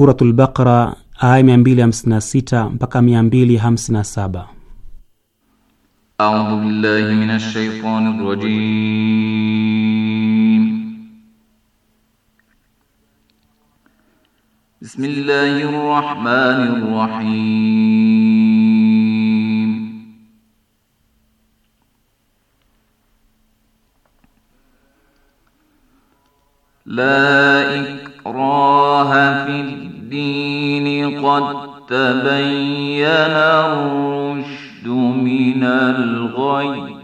Suratul Baqara aya 256 mpaka saba. A'udhu billahi minash shaitanir rajim. Bismillahir rahmanir rahim. La ikraha fil الدين قد تبين الرشد من الغي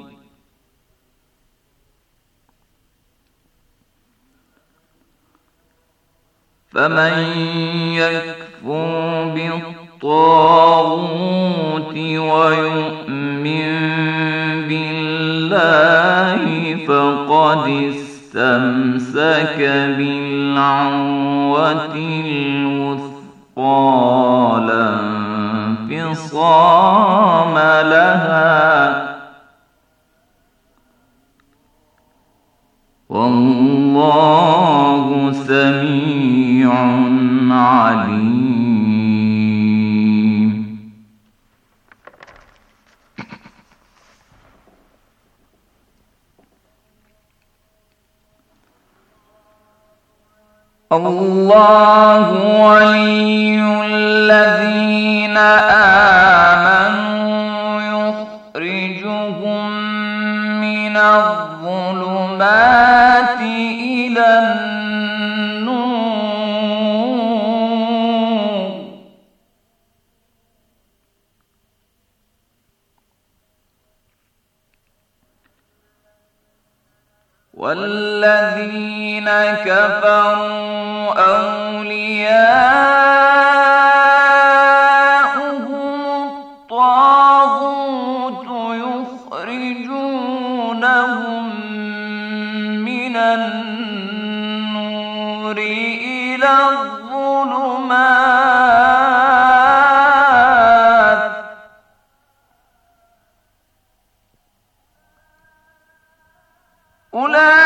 فمن يكفر بالطاغوت ويؤمن بالله فقد استمع استمسك بالعروة الوثقى لا انفصام لها والله سميع عليم الله ولي الذين آمنوا يخرجهم من الظلمات إلى النور والذين الذين كفروا أولياؤهم الطاغوت يخرجونهم من النور إلى الظلمات أولئك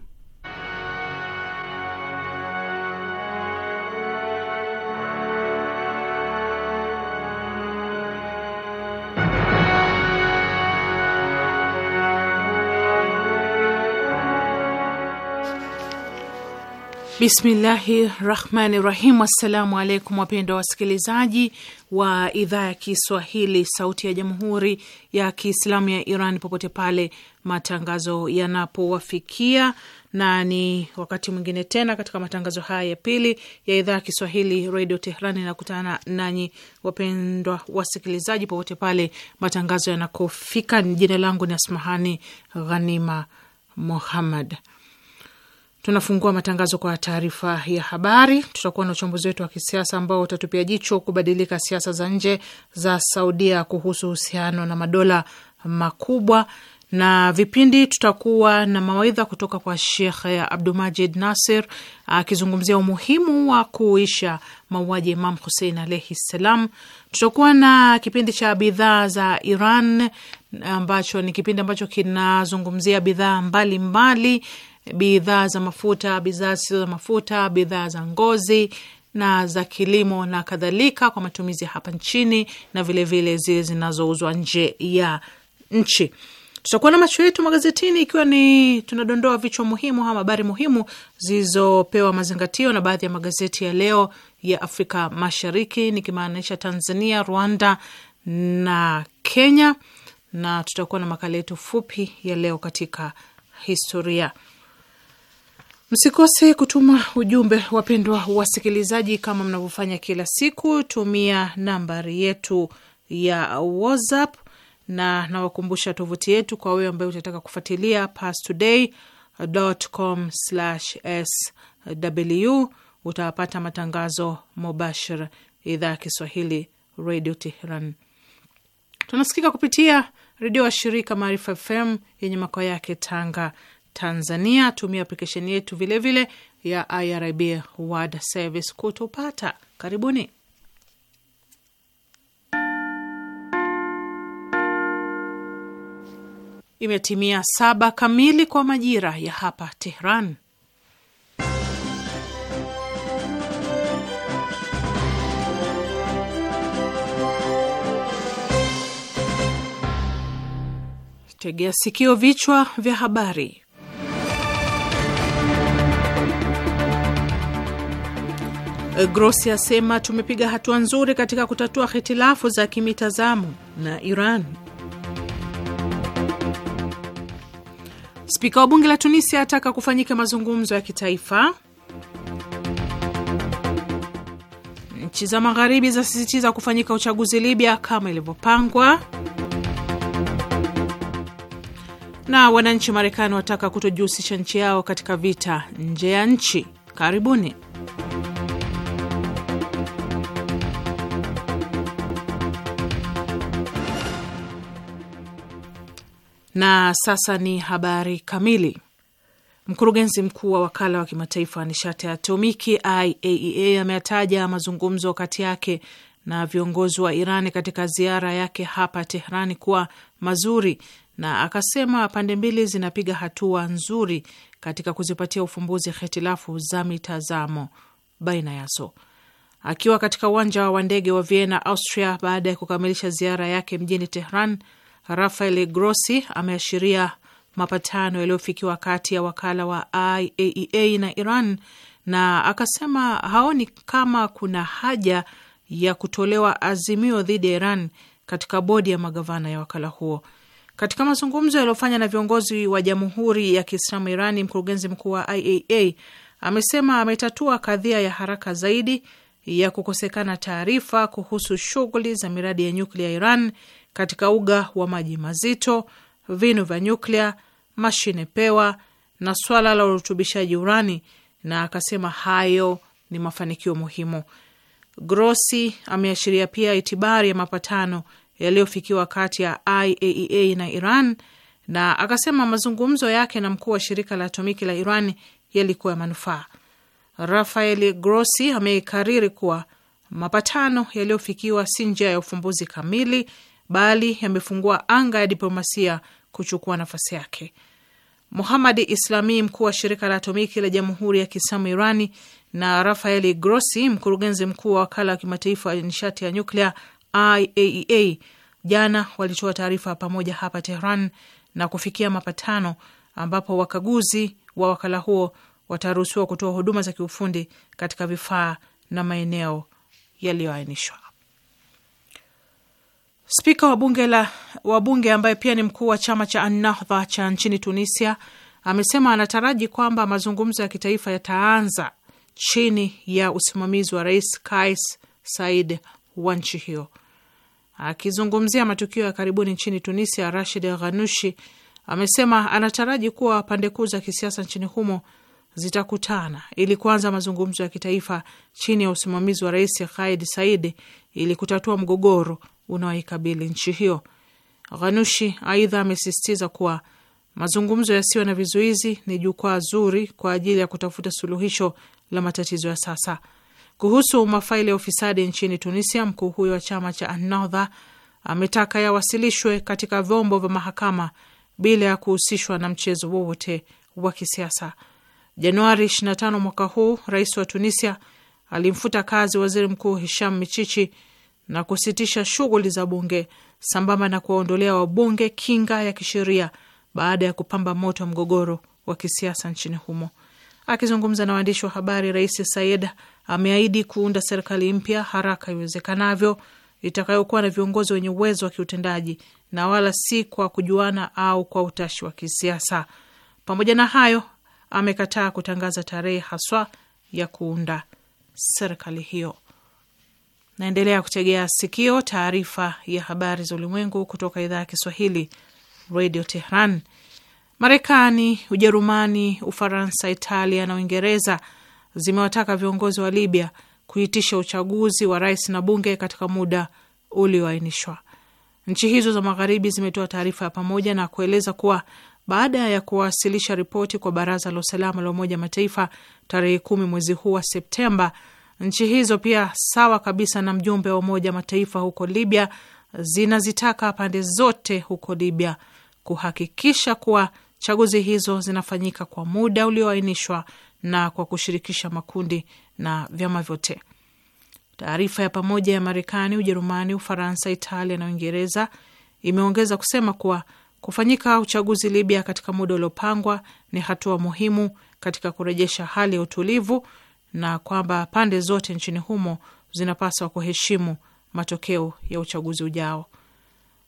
Bismillahi rahmani rahim. Assalamu alaikum wapendwa wasikilizaji wa idhaa ya Kiswahili sauti ya jamhuri ya Kiislamu ya Iran popote pale matangazo yanapowafikia, na ni wakati mwingine tena katika matangazo haya ya pili ya idhaa ya Kiswahili redio Tehrani nakutana nanyi wapendwa wasikilizaji popote pale matangazo yanakofika. Jina langu ni Asmahani Ghanima Muhammad. Tunafungua matangazo kwa taarifa ya habari. Tutakuwa na uchambuzi wetu wa kisiasa ambao utatupia jicho kubadilika siasa za nje za Saudia kuhusu uhusiano na madola makubwa, na vipindi tutakuwa na mawaidha kutoka kwa Shekh Abdumajid Nasir akizungumzia umuhimu wa kuisha mauaji ya Imam Husein alaihi ssalam. Tutakuwa na kipindi cha bidhaa za Iran ambacho ni kipindi ambacho kinazungumzia bidhaa mbalimbali bidhaa za mafuta, bidhaa zisizo za mafuta, bidhaa za ngozi na za kilimo na kadhalika, kwa matumizi hapa nchini na vilevile zile zinazouzwa nje ya nchi. Tutakuwa na macho yetu magazetini, ikiwa ni tunadondoa vichwa muhimu ama habari muhimu zilizopewa mazingatio na baadhi ya magazeti ya leo ya Afrika Mashariki, nikimaanisha Tanzania, Rwanda na Kenya, na tutakuwa na makala yetu fupi ya leo katika historia. Msikose kutuma ujumbe, wapendwa wasikilizaji, kama mnavyofanya kila siku. Tumia nambari yetu ya WhatsApp na nawakumbusha tovuti yetu kwa wewe ambaye utataka kufuatilia pastoday.com/sw. Utapata matangazo mubashara, idhaa ya Kiswahili Radio Tehran. Tunasikika kupitia redio wa shirika Maarifa FM yenye makao yake Tanga, Tanzania, tumia aplikesheni yetu vilevile vile ya IRIB World Service kutupata. Karibuni. Imetimia saba kamili kwa majira ya hapa Tehran. Tegea sikio, vichwa vya habari. Eh, Grossi asema tumepiga hatua nzuri katika kutatua hitilafu za kimitazamo na Iran. Spika wa bunge la Tunisia ataka kufanyika mazungumzo ya kitaifa. Nchi za magharibi zasisitiza kufanyika uchaguzi Libya kama ilivyopangwa, na wananchi wa Marekani wataka kutojihusisha nchi yao katika vita nje ya nchi. Karibuni. Na sasa ni habari kamili. Mkurugenzi mkuu wa wakala wa kimataifa wa nishati ya atomiki IAEA ameyataja mazungumzo kati yake na viongozi wa Iran katika ziara yake hapa Tehrani kuwa mazuri, na akasema pande mbili zinapiga hatua nzuri katika kuzipatia ufumbuzi hitilafu za mitazamo baina yazo. Akiwa katika uwanja wa ndege wa Vienna, Austria, baada ya kukamilisha ziara yake mjini Tehran, Rafael Grossi ameashiria mapatano yaliyofikiwa kati ya wakala wa IAEA e na Iran na akasema haoni kama kuna haja ya kutolewa azimio dhidi ya Iran katika bodi ya magavana ya wakala huo. Katika mazungumzo yaliyofanya na viongozi wa Jamhuri ya Kiislamu Irani, mkurugenzi mkuu wa IAEA e amesema ametatua kadhia ya haraka zaidi ya kukosekana taarifa kuhusu shughuli za miradi ya nyuklia Iran katika uga wa maji mazito, vinu vya nyuklia, mashine pewa na swala la urutubishaji urani, na akasema hayo ni mafanikio muhimu. Grossi ameashiria pia itibari ya mapatano yaliyofikiwa kati ya IAEA e na Iran na akasema mazungumzo yake na mkuu wa shirika la atomiki la Iran yalikuwa ya manufaa. Rafael Grossi amekariri kuwa mapatano yaliyofikiwa si njia ya ufumbuzi kamili bali yamefungua anga ya diplomasia kuchukua nafasi yake. Muhamadi Islami, mkuu wa shirika la atomiki la jamhuri ya Kiislamu Irani, na Rafaeli Grossi, mkurugenzi mkuu wa wakala wa kimataifa wa nishati ya nyuklia IAEA, e jana walitoa taarifa pamoja hapa Tehran na kufikia mapatano ambapo wakaguzi wa wakala huo wataruhusiwa kutoa huduma za kiufundi katika vifaa na maeneo yaliyoainishwa. Spika wa bunge la wa bunge ambaye pia ni mkuu wa chama cha Annahdha cha nchini Tunisia amesema anataraji kwamba mazungumzo ya kitaifa yataanza chini ya usimamizi wa Rais Kais Said wa nchi hiyo. Akizungumzia matukio ya karibuni nchini Tunisia, Rashid Ghanushi amesema anataraji kuwa pande kuu za kisiasa nchini humo zitakutana ili kuanza mazungumzo ya kitaifa chini ya usimamizi wa Rais Kais Said ili kutatua mgogoro unaoikabili nchi hiyo. Ghanushi aidha amesisitiza kuwa mazungumzo yasiyo na vizuizi ni jukwaa zuri kwa ajili ya kutafuta suluhisho la matatizo ya sasa. Kuhusu mafaili ya ufisadi nchini Tunisia, mkuu huyo wa chama cha Ennahda ametaka yawasilishwe katika vyombo vya mahakama bila ya kuhusishwa na mchezo wowote wa kisiasa. Januari 25 mwaka huu, rais wa Tunisia alimfuta kazi waziri mkuu Hisham Michichi na kusitisha shughuli za bunge sambamba na kuwaondolea wabunge kinga ya kisheria baada ya kupamba moto mgogoro wa kisiasa nchini humo. Akizungumza na waandishi wa habari, Rais Sayed ameahidi kuunda serikali mpya haraka iwezekanavyo itakayokuwa na viongozi wenye uwezo wa kiutendaji na wala si kwa kujuana au kwa utashi wa kisiasa. Pamoja na hayo, amekataa kutangaza tarehe haswa ya kuunda serikali hiyo. Naendelea kutegea sikio taarifa ya habari za ulimwengu kutoka idhaa ya Kiswahili, Radio Tehran. Marekani, Ujerumani, Ufaransa, Italia na Uingereza zimewataka viongozi wa Libya kuitisha uchaguzi wa rais na bunge katika muda ulioainishwa. Nchi hizo za magharibi zimetoa taarifa ya pamoja na kueleza kuwa baada ya kuwasilisha ripoti kwa Baraza la Usalama la Umoja Mataifa tarehe kumi mwezi huu wa Septemba Nchi hizo pia, sawa kabisa na mjumbe wa Umoja Mataifa huko Libya, zinazitaka pande zote huko Libya kuhakikisha kuwa chaguzi hizo zinafanyika kwa muda ulioainishwa na kwa kushirikisha makundi na vyama vyote. Taarifa ya pamoja ya Marekani, Ujerumani, Ufaransa, Italia na Uingereza imeongeza kusema kuwa kufanyika uchaguzi Libya katika muda uliopangwa ni hatua muhimu katika kurejesha hali ya utulivu na kwamba pande zote nchini humo zinapaswa kuheshimu matokeo ya uchaguzi ujao.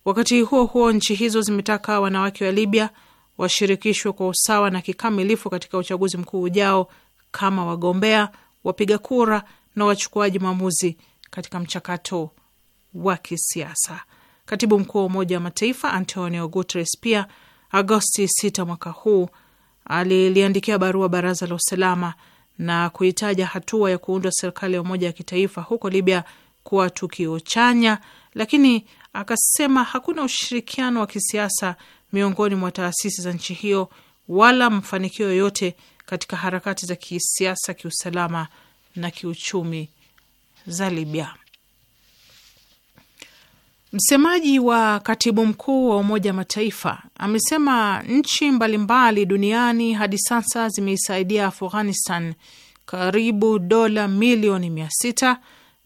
Wakati huo huo, nchi hizo zimetaka wanawake wa Libya washirikishwe kwa usawa na kikamilifu katika uchaguzi mkuu ujao kama wagombea, wapiga kura na wachukuaji maamuzi katika mchakato wa kisiasa. Katibu mkuu wa Umoja wa Mataifa Antonio Guterres pia Agosti 6 mwaka huu aliliandikia barua Baraza la Usalama na kuitaja hatua ya kuundwa serikali ya umoja ya kitaifa huko Libya kuwa tukio chanya, lakini akasema hakuna ushirikiano wa kisiasa miongoni mwa taasisi za nchi hiyo wala mafanikio yoyote katika harakati za kisiasa, kiusalama na kiuchumi za Libya. Msemaji wa katibu mkuu wa Umoja wa Mataifa amesema nchi mbalimbali duniani hadi sasa zimeisaidia Afghanistan karibu dola milioni mia sita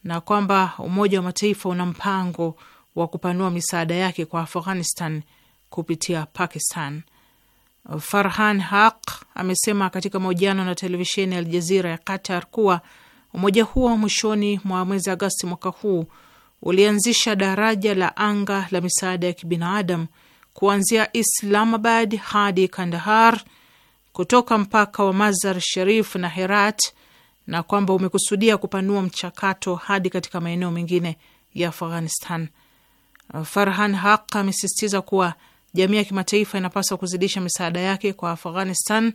na kwamba Umoja wa Mataifa una mpango wa kupanua misaada yake kwa Afghanistan kupitia Pakistan. Farhan Haq amesema katika mahojiano na televisheni ya Aljazira ya Qatar kuwa umoja huo mwishoni mwa mwezi Agasti mwaka huu ulianzisha daraja la anga la misaada ya kibinadamu kuanzia Islamabad hadi Kandahar kutoka mpaka wa Mazar Sharif na Herat na kwamba umekusudia kupanua mchakato hadi katika maeneo mengine ya Afghanistan. Farhan Haq amesisitiza kuwa jamii ya kimataifa inapaswa kuzidisha misaada yake kwa Afghanistan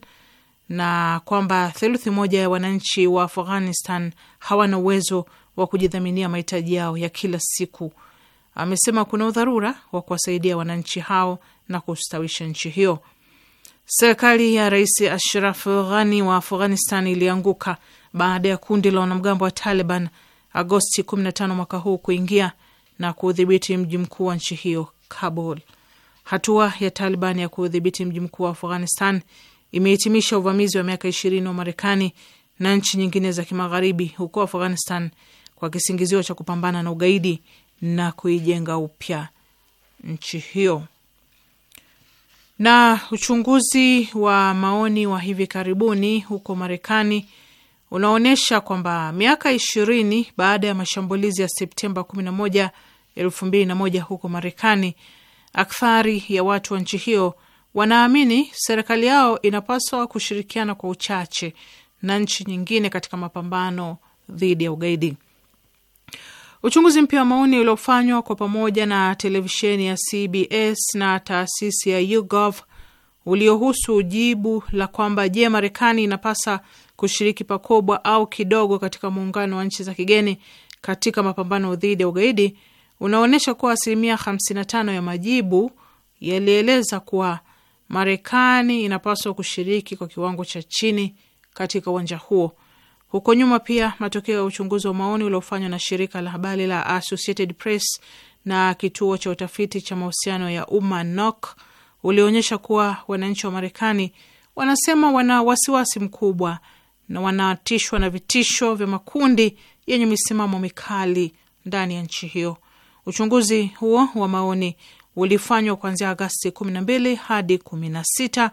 na kwamba theluthi moja ya wananchi wa Afghanistan hawana uwezo wa kujidhaminia mahitaji yao ya kila siku. Amesema kuna udharura wa kuwasaidia wananchi hao na kustawisha nchi hiyo. Serikali ya Rais Ashraf Ghani wa Afghanistan ilianguka baada ya kundi la wanamgambo wa Taliban Agosti 15 mwaka huu kuingia na kuudhibiti mji mkuu wa nchi hiyo Kabul. Hatua ya Taliban ya kuudhibiti mji mkuu wa Afghanistan imehitimisha uvamizi wa miaka ishirini wa Marekani na nchi nyingine za kimagharibi huko Afghanistan kwa kisingizio cha kupambana na ugaidi na kuijenga upya nchi hiyo. Na uchunguzi wa maoni wa hivi karibuni huko Marekani unaonyesha kwamba miaka ishirini baada ya mashambulizi ya Septemba 11, 2001 huko Marekani, akthari ya watu wa nchi hiyo wanaamini serikali yao inapaswa kushirikiana kwa uchache na nchi nyingine katika mapambano dhidi ya ugaidi. Uchunguzi mpya wa maoni uliofanywa kwa pamoja na televisheni ya CBS na taasisi ya YouGov uliohusu jibu la kwamba je, Marekani inapasa kushiriki pakubwa au kidogo katika muungano wa nchi za kigeni katika mapambano dhidi ya ugaidi unaonyesha kuwa asilimia 55 ya majibu yalieleza kuwa Marekani inapaswa kushiriki kwa kiwango cha chini katika uwanja huo huko nyuma pia matokeo ya uchunguzi wa maoni uliofanywa na shirika la habari la Associated Press na kituo cha utafiti cha mahusiano ya umma NOC ulionyesha kuwa wananchi wa Marekani wanasema wana wasiwasi mkubwa na wanatishwa na vitisho vya makundi yenye misimamo mikali ndani ya nchi hiyo. Uchunguzi huo wa maoni ulifanywa kuanzia Agasti 12 hadi 16,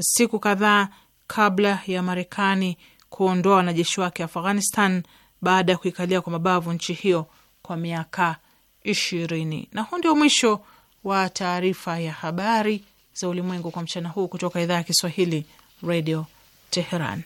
siku kadhaa kabla ya Marekani kuondoa wanajeshi wake Afghanistan baada ya kuikalia kwa mabavu nchi hiyo kwa miaka ishirini. Na huu ndio mwisho wa taarifa ya habari za ulimwengu kwa mchana huu kutoka idhaa ya Kiswahili, Radio Teheran.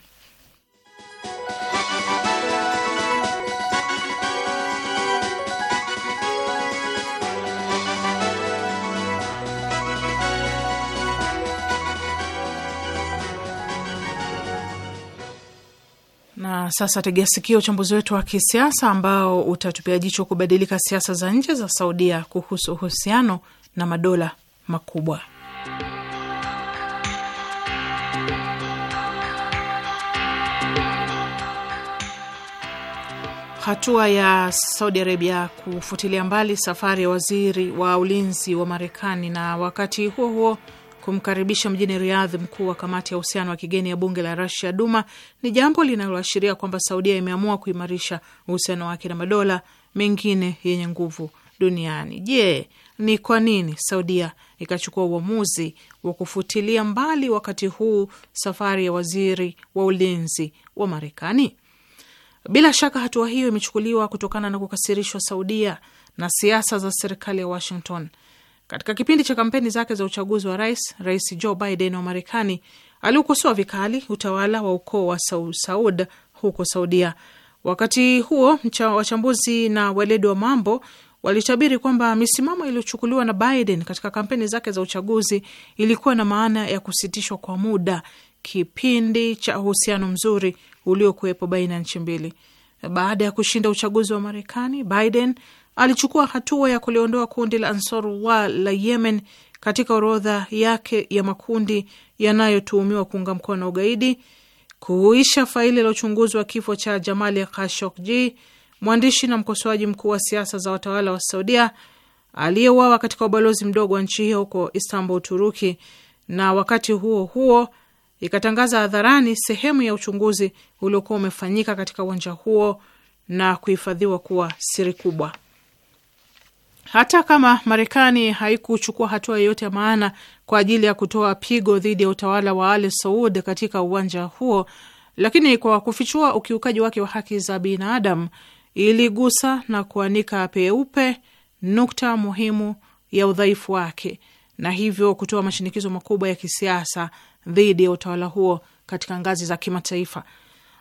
Na sasa tegea sikio uchambuzi wetu wa kisiasa ambao utatupia jicho kubadilika siasa za nje za Saudia kuhusu uhusiano na madola makubwa. Hatua ya Saudi Arabia kufutilia mbali safari ya waziri wa ulinzi wa Marekani, na wakati huo huo kumkaribisha mjini Riyadh mkuu wa kamati ya uhusiano wa kigeni ya bunge la Rasia Duma ni jambo linaloashiria kwamba Saudia imeamua kuimarisha uhusiano wake na madola mengine yenye nguvu duniani. Je, ni kwa nini Saudia ikachukua uamuzi wa kufutilia mbali wakati huu safari ya waziri wa ulinzi wa Marekani? Bila shaka hatua hiyo imechukuliwa kutokana na kukasirishwa Saudia na siasa za serikali ya Washington katika kipindi cha kampeni zake za uchaguzi wa rais, Rais Joe Biden wa Marekani aliukosoa vikali utawala wa ukoo wa Saud huko Saudia. Wakati huo mcha, wachambuzi na weledi wa mambo walitabiri kwamba misimamo iliyochukuliwa na Biden katika kampeni zake za uchaguzi ilikuwa na maana ya kusitishwa kwa muda kipindi cha uhusiano mzuri uliokuwepo baina ya nchi mbili. Baada ya kushinda uchaguzi wa Marekani, Biden alichukua hatua ya kuliondoa kundi la Ansarullah la Yemen katika orodha yake ya makundi yanayotuhumiwa kuunga mkono na ugaidi, kuisha faili la uchunguzi wa kifo cha Jamali Khashoggi, mwandishi na mkosoaji mkuu wa siasa za watawala wa Saudia aliyeuawa katika ubalozi mdogo wa nchi hiyo huko Istanbul, Uturuki, na wakati huo huo ikatangaza hadharani sehemu ya uchunguzi uliokuwa umefanyika katika uwanja huo na kuhifadhiwa kuwa siri kubwa. Hata kama Marekani haikuchukua hatua yoyote ya maana kwa ajili ya kutoa pigo dhidi ya utawala wa Al Saud katika uwanja huo, lakini kwa kufichua ukiukaji wake wa haki za binadamu iligusa na kuanika peupe nukta muhimu ya udhaifu wake na hivyo kutoa mashinikizo makubwa ya kisiasa dhidi ya utawala huo katika ngazi za kimataifa.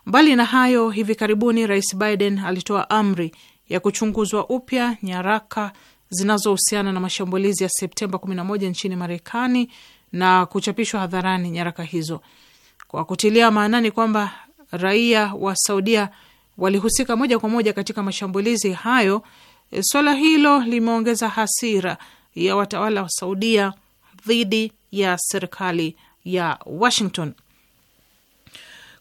Mbali na hayo, hivi karibuni Rais Biden alitoa amri ya kuchunguzwa upya nyaraka zinazohusiana na mashambulizi ya Septemba 11 nchini Marekani na kuchapishwa hadharani nyaraka hizo, kwa kutilia maanani kwamba raia wa Saudia walihusika moja kwa moja katika mashambulizi hayo. Swala hilo limeongeza hasira ya watawala wa Saudia dhidi ya serikali ya Washington.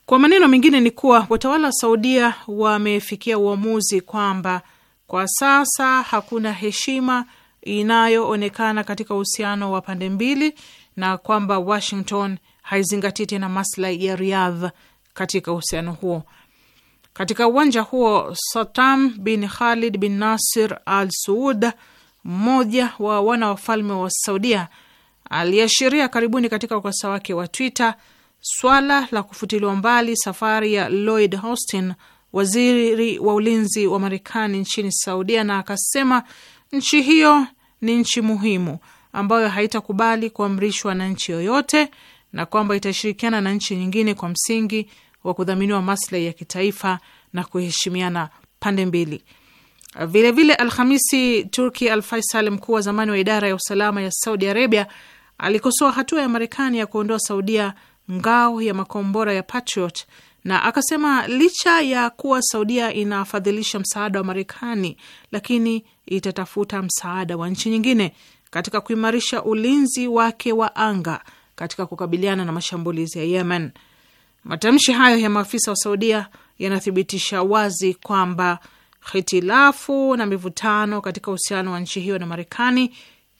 Kwa maneno mengine, ni kuwa watawala wa Saudia wamefikia uamuzi kwamba kwa sasa hakuna heshima inayoonekana katika uhusiano wa pande mbili na kwamba Washington haizingatii tena maslahi ya Riyadh katika uhusiano huo. Katika uwanja huo, Satam bin Khalid bin Nasir al Suud, mmoja wa wana wafalme wa Saudia, aliashiria karibuni katika ukurasa wake wa Twitter swala la kufutiliwa mbali safari ya Lloyd Austin waziri wa ulinzi wa Marekani nchini Saudia, na akasema nchi hiyo ni nchi muhimu ambayo haitakubali kuamrishwa na nchi yoyote na kwamba itashirikiana na nchi nyingine kwa msingi wa kudhaminiwa maslahi ya kitaifa na kuheshimiana pande mbili. Vilevile Alhamisi, Turki Al Faisal, mkuu wa zamani wa idara ya usalama ya Saudi Arabia, alikosoa hatua ya Marekani ya kuondoa Saudia ngao ya makombora ya Patriot na akasema licha ya kuwa Saudia inafadhilisha msaada wa Marekani, lakini itatafuta msaada wa nchi nyingine katika kuimarisha ulinzi wake wa anga katika kukabiliana na mashambulizi ya Yemen. Matamshi hayo ya maafisa wa Saudia yanathibitisha wazi kwamba hitilafu na mivutano katika uhusiano wa nchi hiyo na Marekani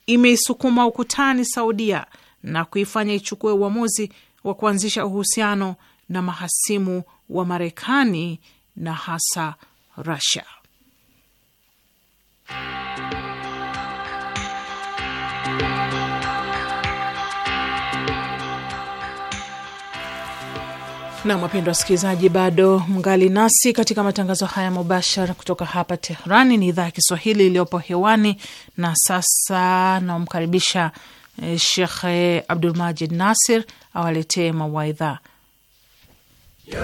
imeisukuma ukutani Saudia na kuifanya ichukue uamuzi wa kuanzisha uhusiano na mahasimu wa Marekani na hasa nam wapendo wapendwa wasikilizaji, bado mngali nasi katika matangazo haya mubashara kutoka hapa Tehrani. Ni idhaa ya Kiswahili iliyopo hewani, na sasa namkaribisha eh, Shekhe Abdulmajid Nasir awaletee mawaidha أعوذ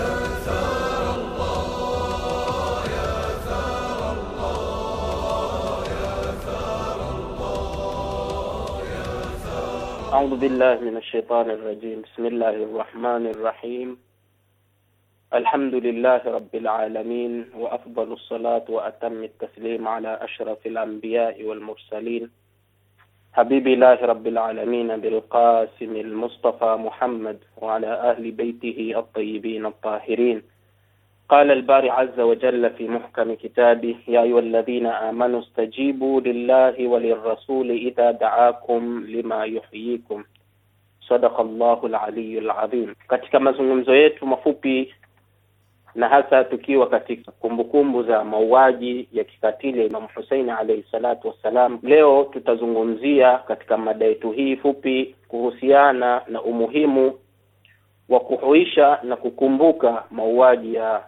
بالله من الشيطان الرجيم بسم الله الرحمن الرحيم الحمد لله رب العالمين وأفضل الصلاة وأتم التسليم على أشرف الأنبياء والمرسلين حبيب الله رب العالمين بالقاسم المصطفى محمد وعلى أهل بيته الطيبين الطاهرين قال الباري عز وجل في محكم كتابه يا أيها الذين آمنوا استجيبوا لله وللرسول إذا دعاكم لما يحييكم صدق الله العلي العظيم katika mazungumzo yetu mafupi na hasa tukiwa katika kumbukumbu za mauaji ya kikatili ya Imamu Huseini alaihi salatu wassalam. Leo tutazungumzia katika mada yetu hii fupi kuhusiana na umuhimu wa kuhuisha na kukumbuka mauaji ya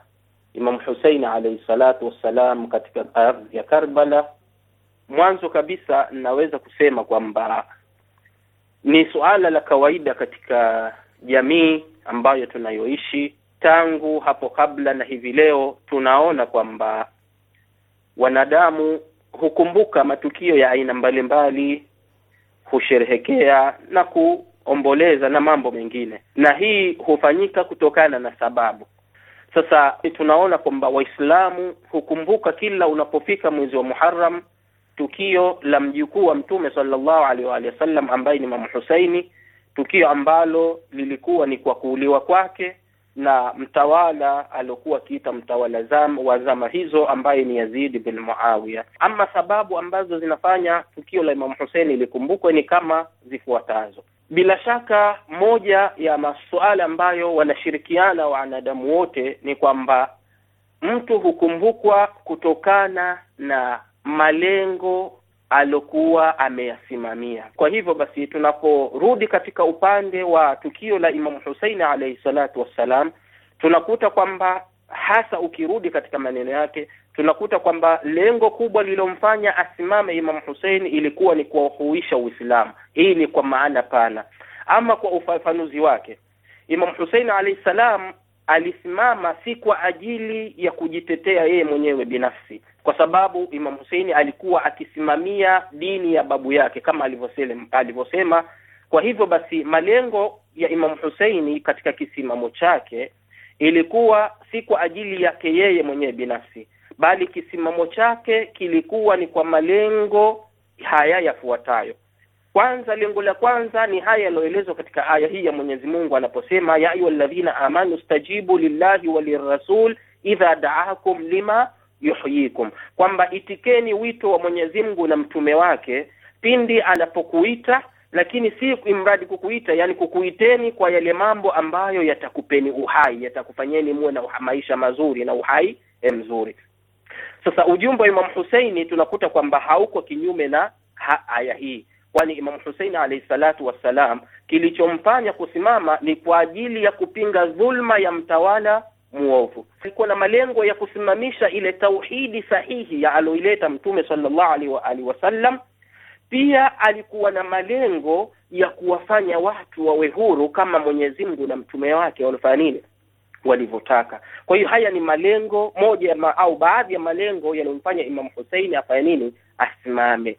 Imamu Huseini alaihi salatu wassalam katika ardhi ya Karbala. Mwanzo kabisa, naweza kusema kwamba ni suala la kawaida katika jamii ambayo tunayoishi tangu hapo kabla na hivi leo tunaona kwamba wanadamu hukumbuka matukio ya aina mbalimbali husherehekea na kuomboleza na mambo mengine na hii hufanyika kutokana na sababu sasa tunaona kwamba waislamu hukumbuka kila unapofika mwezi wa muharam tukio la mjukuu wa mtume sallallahu alaihi wa sallam ambaye ni mamu husaini tukio ambalo lilikuwa ni kwa kuuliwa kwake na mtawala aliokuwa akiita mtawala zam, wa zama hizo ambaye ni Yazid bin Muawiya. Ama sababu ambazo zinafanya tukio la Imamu Hussein likumbukwe ni kama zifuatazo. Bila shaka moja ya masuala ambayo wanashirikiana wanadamu wote ni kwamba mtu hukumbukwa kutokana na malengo alokuwa ameyasimamia. Kwa hivyo basi, tunaporudi katika upande wa tukio la Imamu Huseini alayhi salatu wassalam, tunakuta kwamba hasa ukirudi katika maneno yake tunakuta kwamba lengo kubwa lililomfanya asimame Imamu Hussein ilikuwa ni kuwahuisha Uislamu. Hii ni kwa maana pana. Ama kwa ufafanuzi wake, Imamu Hussein alayhi salam alisimama si kwa ajili ya kujitetea yeye mwenyewe binafsi, kwa sababu Imam Hussein alikuwa akisimamia dini ya babu yake kama alivyosema. Kwa hivyo basi, malengo ya Imam Hussein katika kisimamo chake ilikuwa si kwa ajili yake yeye mwenyewe binafsi, bali kisimamo chake kilikuwa ni kwa malengo haya yafuatayo. Kwanza, lengo la kwanza ni haya yanayoelezwa katika aya hii ya Mwenyezi Mungu anaposema, ya ayuha alladhina amanu stajibu lillahi walirrasul idha daakum lima yuhyikum, kwamba itikeni wito wa Mwenyezi Mungu na mtume wake pindi anapokuita, lakini si imradi kukuita, yani kukuiteni kwa yale mambo ambayo yatakupeni uhai, yatakufanyeni muwe na maisha mazuri na uhai eh, mzuri. Sasa ujumbe wa Imam Huseini tunakuta kwamba hauko kinyume na aya hii, kwani Imam Huseini alayhi salatu wassalam kilichomfanya kusimama ni kwa ajili ya kupinga dhulma ya mtawala muovu. Alikuwa na malengo ya kusimamisha ile tauhidi sahihi ya aloileta Mtume sallallahu alaihi wa alihi wasallam. Pia alikuwa na malengo ya kuwafanya watu wawe huru kama Mwenyezi Mungu na mtume wake walifanya nini, walivyotaka. Kwa hiyo haya ni malengo moja ma, au baadhi ya malengo yaliyomfanya Imam Huseini afanye nini, asimame.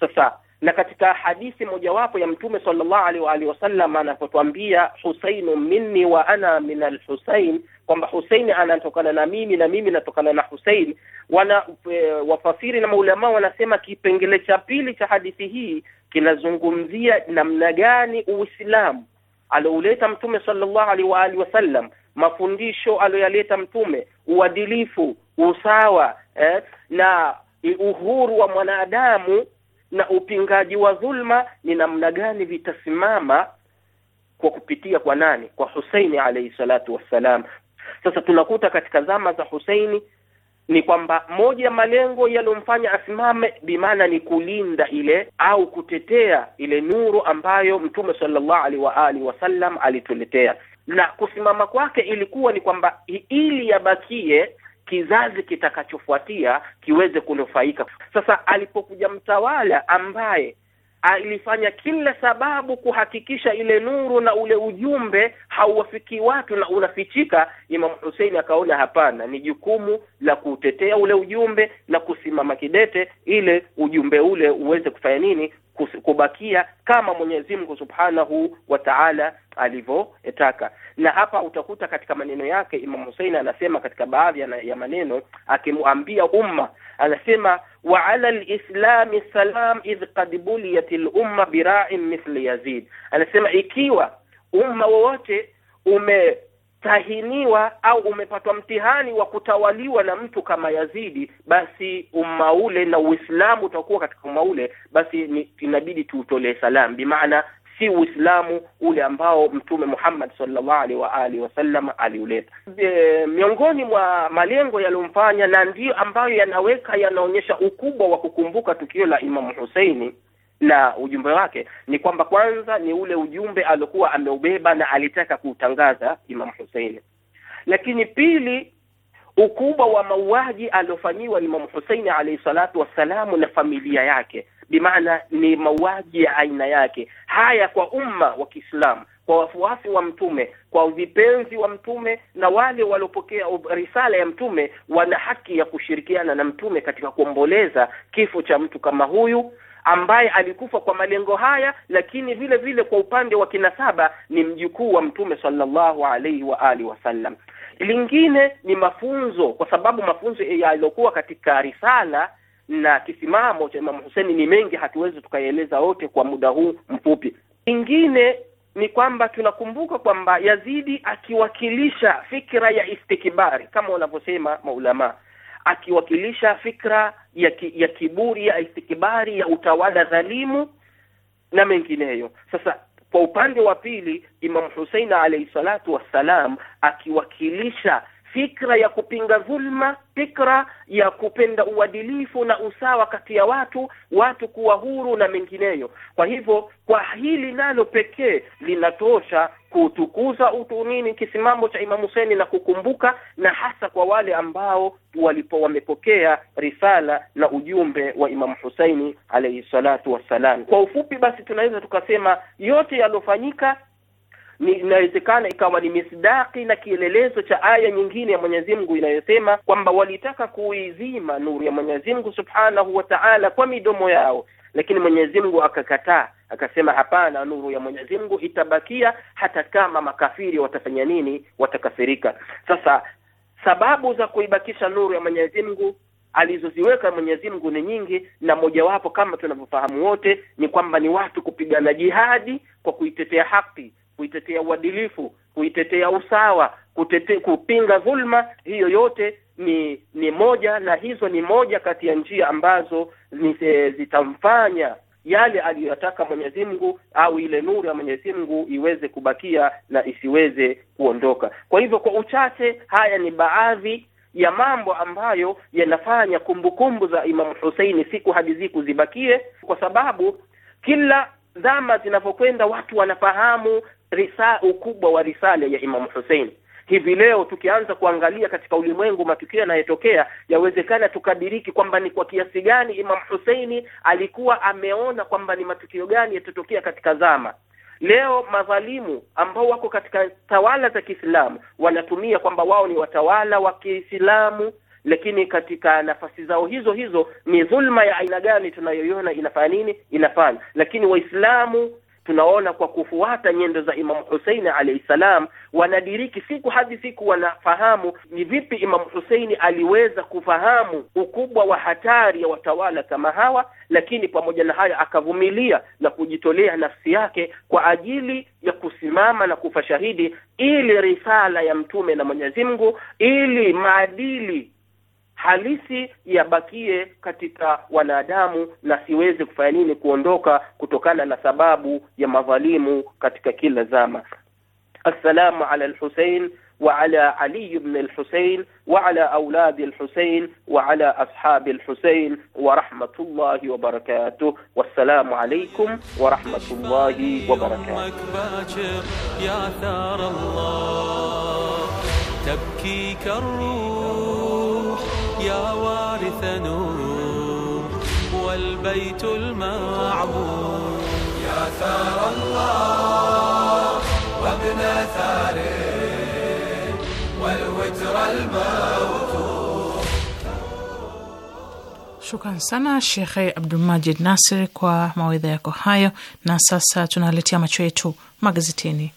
Sasa na katika hadithi mojawapo ya Mtume sallallahu alaihi wa alihi wasallam anapotuambia, Husainu minni wa ana min al-Husain, kwamba Huseini anatokana na mimi na mimi natokana na Husein. Wana e, wafasiri na maulamaa wanasema kipengele cha pili cha hadithi hii kinazungumzia namna gani Uislamu aliouleta Mtume sallallahu alaihi wa alihi wasallam, mafundisho aliyoyaleta Mtume, uadilifu, usawa eh, na uhuru wa mwanadamu na upingaji wa dhulma, ni namna gani vitasimama kwa kupitia kwa nani? Kwa Huseini alayhi salatu wassalam, sasa tunakuta katika zama za Huseini ni kwamba moja ya malengo yaliyomfanya asimame bimaana ni kulinda ile au kutetea ile nuru ambayo Mtume sallallahu alaihi wa alihi wasallam alituletea, na kusimama kwake ilikuwa ni kwamba ili yabakie kizazi kitakachofuatia kiweze kunufaika. Sasa alipokuja mtawala ambaye alifanya kila sababu kuhakikisha ile nuru na ule ujumbe hauwafikii watu na unafichika. Imam Hussein akaona hapana, ni jukumu la kutetea ule ujumbe na kusimama kidete ile ujumbe ule uweze kufanya nini, kubakia kama Mwenyezi Mungu Subhanahu wa Ta'ala alivyotaka. Na hapa utakuta katika maneno yake Imam Hussein anasema katika baadhi ya maneno akimwambia umma anasema wa ala lislami salam idh qad buliyat lumma birain mithli Yazid. Anasema ikiwa umma wowote umetahiniwa au umepatwa mtihani wa kutawaliwa na mtu kama Yazidi, basi umma ule na Uislamu utakuwa katika umma ule, basi inabidi tuutolee salam, bimaana si Uislamu ule ambao Mtume Muhammad sallallahu alaihi wa alihi wasallam aliuleta. E, miongoni mwa malengo yaliyomfanya na ndiyo ambayo yanaweka yanaonyesha ukubwa wa kukumbuka tukio la Imamu Huseini na ujumbe wake ni kwamba kwanza ni ule ujumbe aliokuwa ameubeba na alitaka kuutangaza Imamu Huseini, lakini pili ukubwa wa mauaji aliyofanyiwa Imamu Huseini alayhi salatu wassalamu na familia yake bimaana ni mauaji ya aina yake. Haya kwa umma wa Kiislamu, kwa wafuasi wa Mtume, kwa vipenzi wa Mtume na wale waliopokea risala ya Mtume, wana haki ya kushirikiana na Mtume katika kuomboleza kifo cha mtu kama huyu ambaye alikufa kwa malengo haya, lakini vile vile kwa upande wa kinasaba ni mjukuu wa Mtume sallallahu alaihi wa wasallam. Lingine ni mafunzo, kwa sababu mafunzo yaliyokuwa katika risala na kisimamo cha Imamu Huseni ni mengi, hatuwezi tukaeleza wote kwa muda huu mfupi. Kingine ni kwamba tunakumbuka kwamba Yazidi akiwakilisha fikra ya istikibari kama wanavyosema maulamaa, akiwakilisha fikra ya ki, ya kiburi ya istikibari ya utawala dhalimu na mengineyo. Sasa kwa upande wa pili, Imamu Husein alayhi salatu wassalam akiwakilisha fikra ya kupinga dhulma, fikra ya kupenda uadilifu na usawa kati ya watu, watu kuwa huru na mengineyo. Kwa hivyo, kwa hili nalo pekee linatosha kutukuza utu nini kisimamo cha Imam Hussein na kukumbuka, na hasa kwa wale ambao walipo wamepokea risala na ujumbe wa Imam Hussein alayhi salatu wassalam. Kwa ufupi basi, tunaweza tukasema yote yalofanyika inawezekana ikawa ni misdaki na kielelezo cha aya nyingine ya Mwenyezi Mungu inayosema kwamba walitaka kuizima nuru ya Mwenyezi Mungu Subhanahu wa Ta'ala kwa midomo yao, lakini Mwenyezi Mungu akakataa, akasema hapana, nuru ya Mwenyezi Mungu itabakia hata kama makafiri watafanya nini, watakafirika. Sasa sababu za kuibakisha nuru ya Mwenyezi Mungu alizoziweka Mwenyezi Mungu ni nyingi, na mojawapo kama tunavyofahamu wote ni kwamba ni watu kupigana jihadi kwa kuitetea haki kuitetea uadilifu, kuitetea usawa, kutete, kupinga dhulma. Hiyo yote ni ni moja, na hizo ni moja kati ya njia ambazo eh, zitamfanya yale aliyoyataka Mwenyezi Mungu au ile nuru ya Mwenyezi Mungu iweze kubakia na isiweze kuondoka. Kwa hivyo, kwa uchache, haya ni baadhi ya mambo ambayo yanafanya kumbukumbu za Imamu Huseini siku hadi siku zibakie, kwa sababu kila zama zinavyokwenda watu wanafahamu risa ukubwa wa risala ya Imamu Hussein hivi leo tukianza kuangalia katika ulimwengu matukio yanayotokea yawezekana tukadiriki kwamba ni kwa kiasi gani Imam Huseini alikuwa ameona kwamba ni matukio gani yatatokea katika zama leo madhalimu ambao wako katika tawala za Kiislamu wanatumia kwamba wao ni watawala wa Kiislamu lakini katika nafasi zao hizo hizo ni dhulma ya aina gani tunayoiona inafanya nini inafanya. Lakini Waislamu tunaona kwa kufuata nyendo za Imamu Huseini alayhi ssalam wanadiriki siku hadi siku, wanafahamu ni vipi Imamu Huseini aliweza kufahamu ukubwa wa hatari ya watawala kama hawa, lakini pamoja na hayo akavumilia na kujitolea nafsi yake kwa ajili ya kusimama na kufa shahidi, ili risala ya Mtume na Mwenyezi Mungu, ili maadili halisi yabakie katika wanadamu na siweze kufanya nini kuondoka kutokana na sababu ya madhalimu katika kila zama. Assalamu ala Alhusain wa ala Ali ibn Alhusain wa ala auladi Alhusain wa ala ashabi Alhusain wa rahmatullahi wa barakatuh. Wassalamu alaykum wa rahmatullahi wa barakatuh. يا وارث نور والبيت المعمور يا ثار الله وابن ثار والوتر الموتور شكرا سنا سana عبد عبدالماجid ناصر kwa mawaidha yako hayo na sasa tunaletea macho yetu magazetini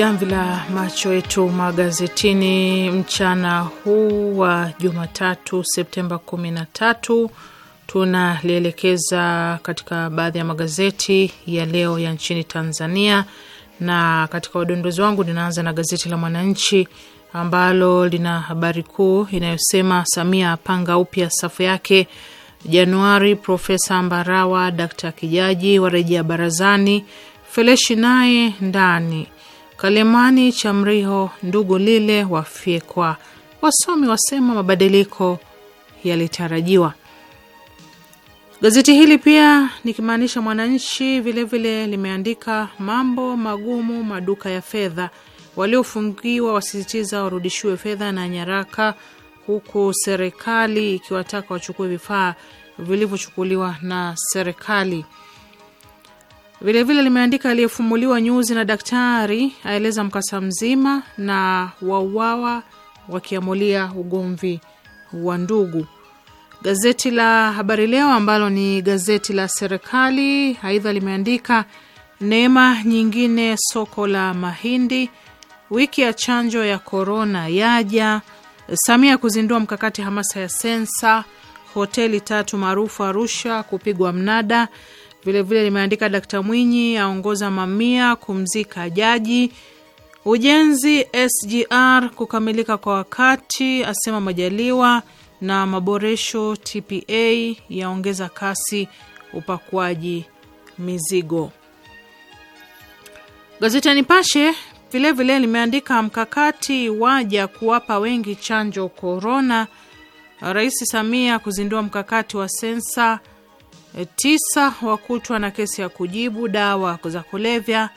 jamvi la macho yetu magazetini mchana huu wa Jumatatu, Septemba kumi na tatu, tunalielekeza katika baadhi ya magazeti ya leo ya nchini Tanzania, na katika udondozi wangu ninaanza na gazeti la Mwananchi ambalo lina habari kuu inayosema Samia apanga upya safu yake Januari, Profesa Mbarawa, Dkt Kijaji warejea barazani, Feleshi naye ndani Kalemani cha Mriho, ndugu lile wafyekwa. Wasomi wasema mabadiliko yalitarajiwa. Gazeti hili pia nikimaanisha Mwananchi vilevile limeandika mambo magumu maduka ya fedha, waliofungiwa wasisitiza warudishiwe fedha na nyaraka, huku serikali ikiwataka wachukue vifaa vilivyochukuliwa na serikali. Vilevile limeandika aliyefumuliwa nyuzi na daktari aeleza mkasa mzima, na wauawa wakiamulia ugomvi wa ndugu. Gazeti la Habari Leo ambalo ni gazeti la serikali aidha limeandika neema nyingine soko la mahindi, wiki ya chanjo ya korona yaja, Samia kuzindua mkakati hamasa ya sensa, hoteli tatu maarufu Arusha kupigwa mnada Vilevile limeandika Dkt Mwinyi aongoza mamia kumzika jaji. Ujenzi SGR kukamilika kwa wakati, asema Majaliwa. Na maboresho TPA yaongeza kasi upakuaji mizigo. Gazeti ya Nipashe vilevile limeandika mkakati waja kuwapa wengi chanjo korona. Rais Samia kuzindua mkakati wa sensa Eh, tisa wakutwa na kesi ya kujibu dawa za kulevya.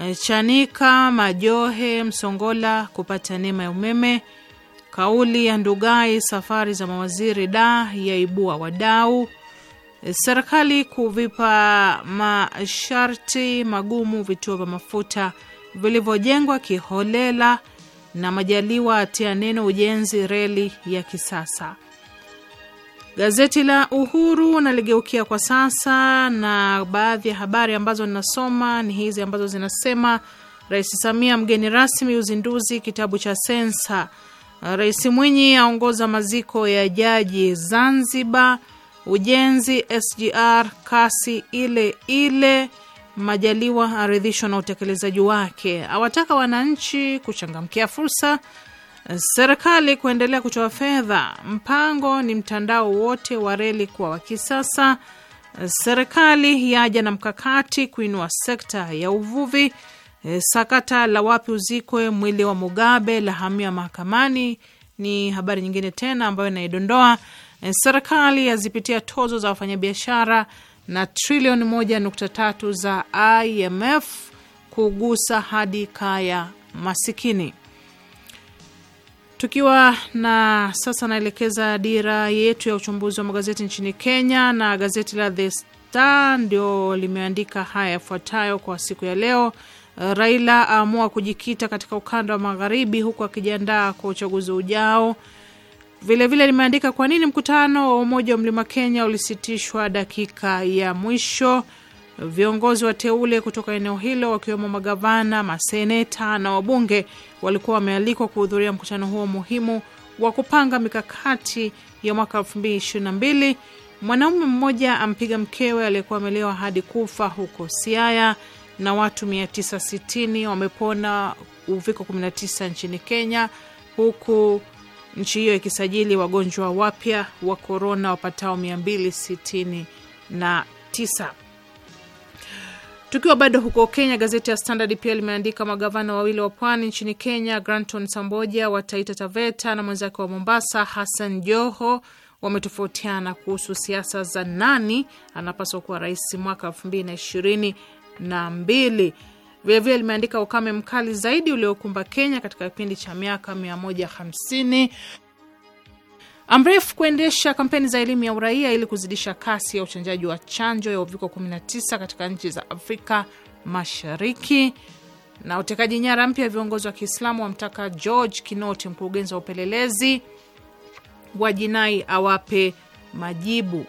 Eh, Chanika, Majohe, Msongola kupata neema ya umeme. Kauli ya Ndugai, safari za mawaziri da yaibua wadau. Eh, serikali kuvipa masharti magumu vituo vya mafuta vilivyojengwa kiholela. Na Majaliwa atia neno ujenzi reli ya kisasa. Gazeti la Uhuru naligeukia kwa sasa, na baadhi ya habari ambazo ninasoma ni hizi ambazo zinasema: Rais Samia mgeni rasmi uzinduzi kitabu cha sensa. Rais Mwinyi aongoza maziko ya jaji Zanzibar. Ujenzi SGR kasi ile ile. Majaliwa aridhishwa na utekelezaji wake, awataka wananchi kuchangamkia fursa serikali kuendelea kutoa fedha. Mpango ni mtandao wote wa reli kuwa wa kisasa. Serikali yaja na mkakati kuinua sekta ya uvuvi. Sakata la wapi uzikwe mwili wa Mugabe la hamia mahakamani ni habari nyingine tena ambayo inaidondoa. Serikali yazipitia tozo za wafanyabiashara na trilioni moja nukta tatu za IMF kugusa hadi kaya masikini. Tukiwa na sasa, naelekeza dira yetu ya uchambuzi wa magazeti nchini Kenya, na gazeti la The Star ndio limeandika haya yafuatayo kwa siku ya leo: Raila aamua kujikita katika ukanda wa magharibi huku akijiandaa kwa uchaguzi ujao. Vilevile vile limeandika kwa nini mkutano wa umoja wa mlima Kenya ulisitishwa dakika ya mwisho. Viongozi wateule kutoka eneo hilo wakiwemo magavana, maseneta na wabunge walikuwa wamealikwa kuhudhuria mkutano huo muhimu wa kupanga mikakati ya mwaka 2022. Mwanaume mmoja ampiga mkewe aliyekuwa amelewa hadi kufa huko Siaya, na watu 960 wamepona uviko 19 nchini Kenya, huku nchi hiyo ikisajili wagonjwa wapya wa korona wapatao 269. Tukiwa bado huko Kenya, gazeti ya Standard pia limeandika magavana wawili wa pwani nchini Kenya, Granton Samboja wa Taita Taveta na mwenzake wa Mombasa, Hassan Joho, wametofautiana kuhusu siasa za nani anapaswa kuwa rais mwaka elfu mbili na ishirini na mbili. Vilevile limeandika ukame mkali zaidi uliokumba Kenya katika kipindi cha miaka 150. Amref kuendesha kampeni za elimu ya uraia ili kuzidisha kasi ya uchanjaji wa chanjo ya uviko 19 katika nchi za Afrika Mashariki. Na utekaji nyara mpya, viongozi wa Kiislamu wamtaka George Kinoti, mkurugenzi wa upelelezi wa jinai, awape majibu.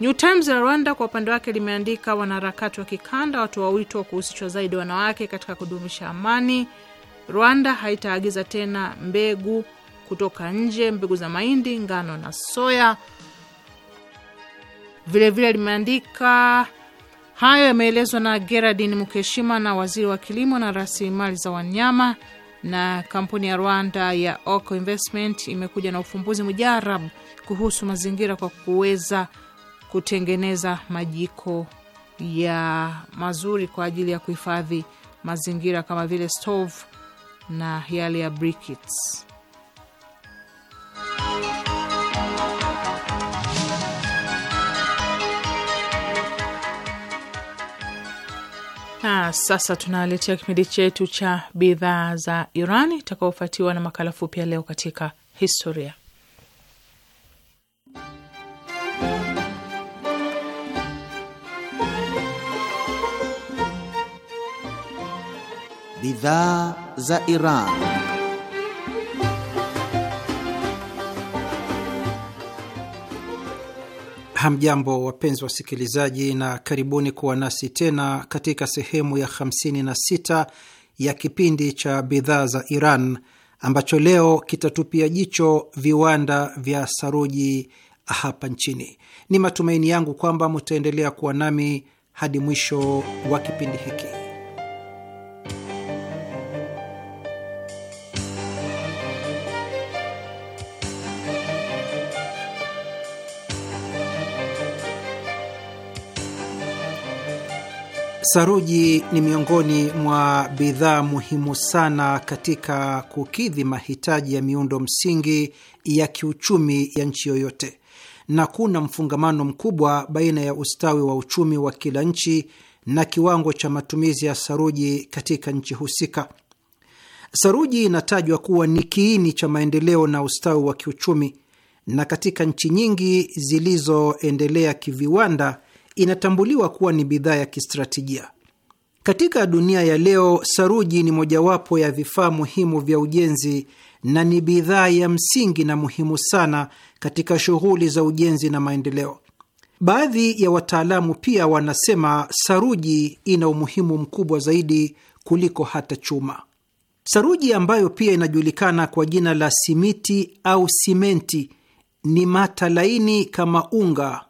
New Times la Rwanda kwa upande wake limeandika wanaharakati wa kikanda watoa wito wa kuhusishwa zaidi wanawake katika kudumisha amani. Rwanda haitaagiza tena mbegu kutoka nje, mbegu za mahindi, ngano na soya. Vilevile limeandika hayo yameelezwa na Geradin Mukeshima na waziri wa kilimo na rasilimali za wanyama. Na kampuni ya Rwanda ya Oko Investment imekuja na ufumbuzi mujarabu kuhusu mazingira kwa kuweza kutengeneza majiko ya mazuri kwa ajili ya kuhifadhi mazingira kama vile stove na yale ya briquettes. sasa tunaletea kipindi chetu cha bidhaa za Iran itakaofuatiwa na makala fupi ya leo katika historia. Bidhaa za Iran. Hamjambo, wapenzi wasikilizaji, na karibuni kuwa nasi tena katika sehemu ya 56 ya kipindi cha bidhaa za Iran ambacho leo kitatupia jicho viwanda vya saruji hapa nchini. Ni matumaini yangu kwamba mutaendelea kuwa nami hadi mwisho wa kipindi hiki. Saruji ni miongoni mwa bidhaa muhimu sana katika kukidhi mahitaji ya miundo msingi ya kiuchumi ya nchi yoyote, na kuna mfungamano mkubwa baina ya ustawi wa uchumi wa kila nchi na kiwango cha matumizi ya saruji katika nchi husika. Saruji inatajwa kuwa ni kiini cha maendeleo na ustawi wa kiuchumi, na katika nchi nyingi zilizoendelea kiviwanda inatambuliwa kuwa ni bidhaa ya kistratejia. Katika dunia ya leo, saruji ni mojawapo ya vifaa muhimu vya ujenzi na ni bidhaa ya msingi na muhimu sana katika shughuli za ujenzi na maendeleo. Baadhi ya wataalamu pia wanasema saruji ina umuhimu mkubwa zaidi kuliko hata chuma. Saruji ambayo pia inajulikana kwa jina la simiti au simenti ni mata laini kama unga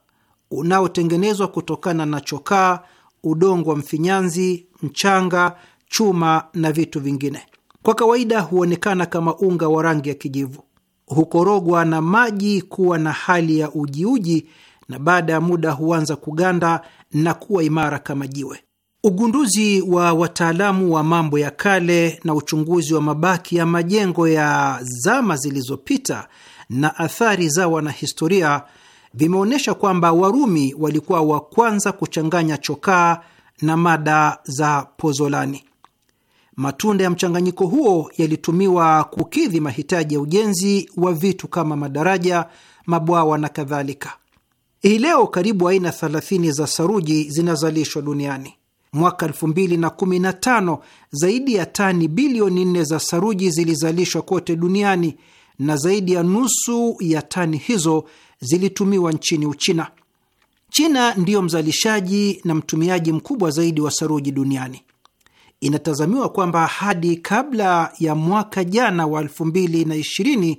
unaotengenezwa kutokana na chokaa, udongo wa mfinyanzi, mchanga, chuma na vitu vingine. Kwa kawaida huonekana kama unga wa rangi ya kijivu, hukorogwa na maji kuwa na hali ya ujiuji, na baada ya muda huanza kuganda na kuwa imara kama jiwe. Ugunduzi wa wataalamu wa mambo ya kale na uchunguzi wa mabaki ya majengo ya zama zilizopita na athari za wanahistoria vimeonyesha kwamba Warumi walikuwa wa kwanza kuchanganya chokaa na mada za pozolani. Matunda ya mchanganyiko huo yalitumiwa kukidhi mahitaji ya ujenzi wa vitu kama madaraja, mabwawa na kadhalika. Hii leo karibu aina 30 za saruji zinazalishwa duniani. Mwaka 2015 zaidi ya tani bilioni 4 za saruji zilizalishwa kote duniani na zaidi ya nusu ya tani hizo zilitumiwa nchini Uchina. China ndiyo mzalishaji na mtumiaji mkubwa zaidi wa saruji duniani. Inatazamiwa kwamba hadi kabla ya mwaka jana wa 2020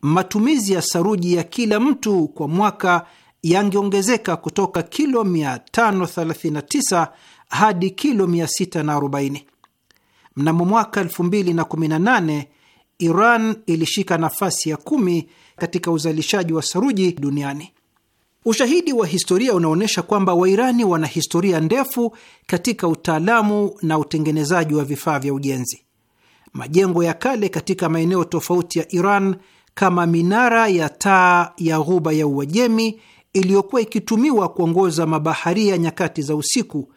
matumizi ya saruji ya kila mtu kwa mwaka yangeongezeka kutoka kilo 539 hadi kilo 640. Mnamo mwaka 2018 Iran ilishika nafasi ya kumi katika uzalishaji wa saruji duniani. Ushahidi wa historia unaonyesha kwamba Wairani wana historia ndefu katika utaalamu na utengenezaji wa vifaa vya ujenzi. Majengo ya kale katika maeneo tofauti ya Iran kama minara ya taa ya Ghuba ya Uajemi iliyokuwa ikitumiwa kuongoza mabaharia nyakati za usiku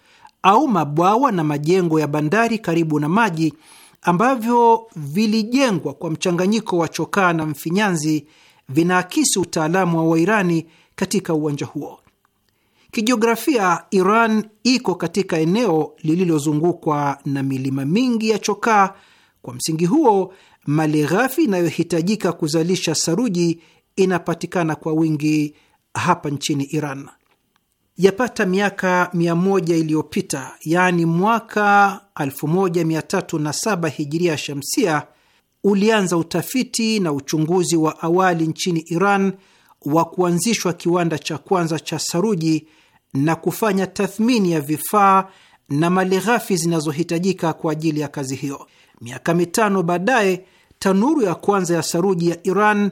au mabwawa na majengo ya bandari karibu na maji ambavyo vilijengwa kwa mchanganyiko wa chokaa na mfinyanzi vinaakisi utaalamu wa Wairani katika uwanja huo. Kijiografia, Iran iko katika eneo lililozungukwa na milima mingi ya chokaa. Kwa msingi huo, mali ghafi inayohitajika kuzalisha saruji inapatikana kwa wingi hapa nchini Iran yapata miaka mia moja iliyopita, yaani mwaka 1307 hijiria shamsia, ulianza utafiti na uchunguzi wa awali nchini Iran wa kuanzishwa kiwanda cha kwanza cha saruji na kufanya tathmini ya vifaa na malighafi zinazohitajika kwa ajili ya kazi hiyo. Miaka mitano baadaye, tanuru ya kwanza ya saruji ya Iran